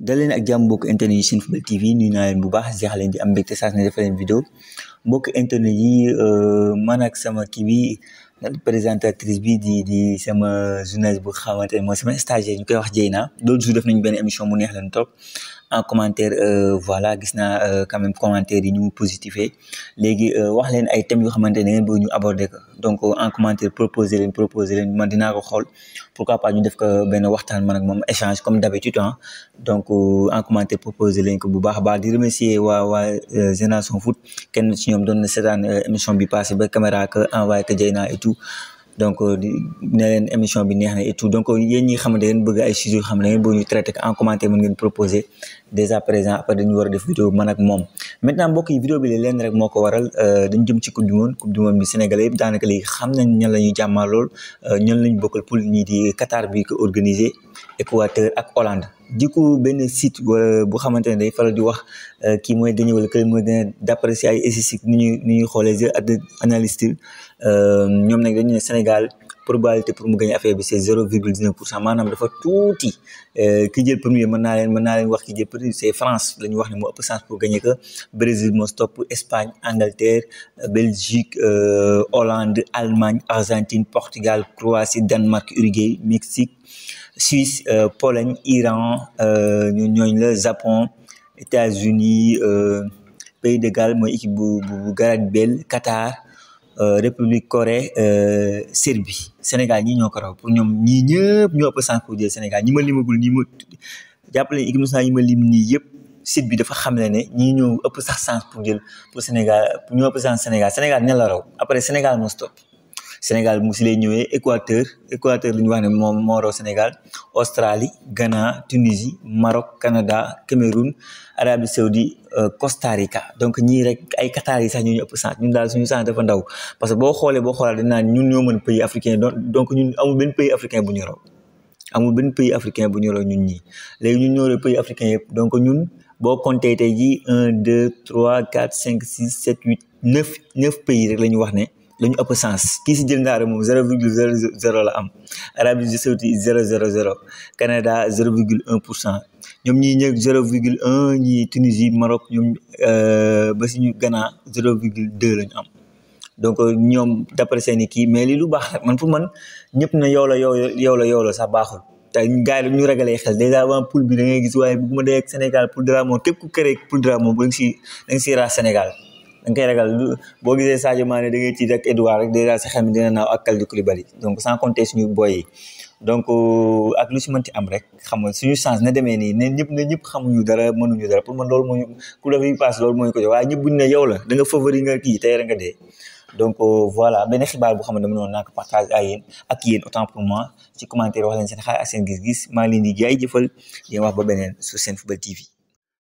daleen ak jàmm mbokk internet yi Senfootball TV nuyu naa leen bu baax jeex leen di am mbégte saa su ne defal leen vidéo mbokk internet yi euh, man ak sama kii bi présentatrice bi di di sama journaliste bu xamante ne mooy sama stagiaire ñu koy wax Jeyna l'autre jour def nañu benn émission mu neex leen trop en commentaire euh, voilà gis naa euh, quand même commentaire yi ñu mu positifé léegi euh, wax leen ay thèmes yoo xamante ne ngeen ñu aborder ko donc en commentaire proposer leen proposer leen man dinaa ko xool pourquoi pas ñu def ko benn waxtaan man ak moom échange comme d'habitude hein donc en commentaire proposer leen ko bu baax baax di remercier waa waa Génération Foot kenn ci ñoom doon na seetaan émission bi passé ba caméra que envoyé que Jeyna et tout tout donc euh, ne leen émission bi neex et tout donc euh, yéen ñi xam ne da ngeen bëgg ay sujets yoo xam ne da en commentaire mën ngeen proposer dès à présent après dañu war a def vidéo man ak moom maintenant mbokk yi vidéo bi leen rek moko waral euh, dañu jëm ci coupe du monde coupe du monde bi Sénégalais yëpp daanaka léegi xam nañ ñan la ñuy jàmmaa lool ñan lañu bokkal pour ñii di Qatar bi ko organisé Équateur ak Hollande di ko benn site bu xamante day faral di wax ki moy dañu wala keul mooy d'apprécier ay statistiques ni ñuy ni xolé jeu analyste euh, ñoom nag dañu ne Sénégal probabilité pour mu gagné affaire bi c' est zéro tout dix neuf ki jël premier mën naa leen mën naa leen wax ki jël premier c' est France la ñu wax ne moo ëpp chance pour gagné que Brésil moo stop Espagne Angleterre Belgique euh, Hollande Allemagne Argentine Portugal Croatie Danemark Uruguay Mexique Suisse euh, Pologne Iran ñooñu la Japon États-Unis Pays de Galles mooy équipe bu bu Qatar. Euh, république Corée euh, Serbie Sénégal ñii ñoo ko raw pour ñoom ñii ñëpp ñoo ëpp sànq jël Sénégal ñi ma limagul ñi ma jàppale équipe nationale yi ma lim nii yëpp site bi dafa xam ne ne ñii ñoo ëpp sax sànq pour pour Sénégal ñoo ëpp sànq Sénégal Sénégal ne la raw après Sénégal moo Sénégal mu Équateur Équateur li ñu Sénégal Australie Ghana Tunisie Maroc Canada Cameroun Arabie Saoudi euh, Costa Rica donc nous rek ay Qatar yi sax ñoo ñu ëpp sànq ñun daal suñu dafa ndaw parce que boo xoolee boo xoolee dañ ñun ñoo pays africain donc ñun amul des pays africain bu ñu raw amul benn pays africain bu ñu raw ñun ñii léegi ñun pays africain donc ñun boo comptee 1 2 3 4 5 6 7 8 9 9 pays rek la wax dañu ëpp sens kii si jël ndaare moom zéro virgule zéro zéro la am Arabie Saoudite zéro zéro zéro Canada zéro virgule un pour cent ñoom ñii ñëg zéro virgule un ñii Tunisie Maroc ñoom euh, ba si ñu Ghana zéro virgule deux la ñu am donc euh, ñoom d'après seen i kii mais li lu baax la man pour man ñëpp na yow la yow yow la yow sax baaxul te gars yi ñu ragalee xel dèjà avant poule bi da gis waaye bu ma dee ak Sénégal poule Dramon képp ku créé poule Dramon ba nga si da si raas Sénégal da nga koy ragal boo gisee Sadio Mané da ngay tiit ak Edouard rek dèjà sa xel mi dina donc sans compter suñu boy yi donc ak lu si mënti am rek xam nga suñu chance na demee nii ne ñëpp ne ñëpp dara mënuñu dara pour man loolu moo ñu ku passe loolu moo ko jox waaye ñëpp buñ ne yow la da nga favori nga kii tey nga dee donc euh, voilà benn xibaar bu xam ne noonu naa partage ak ak yéen autant wax leen seen xaar ak seen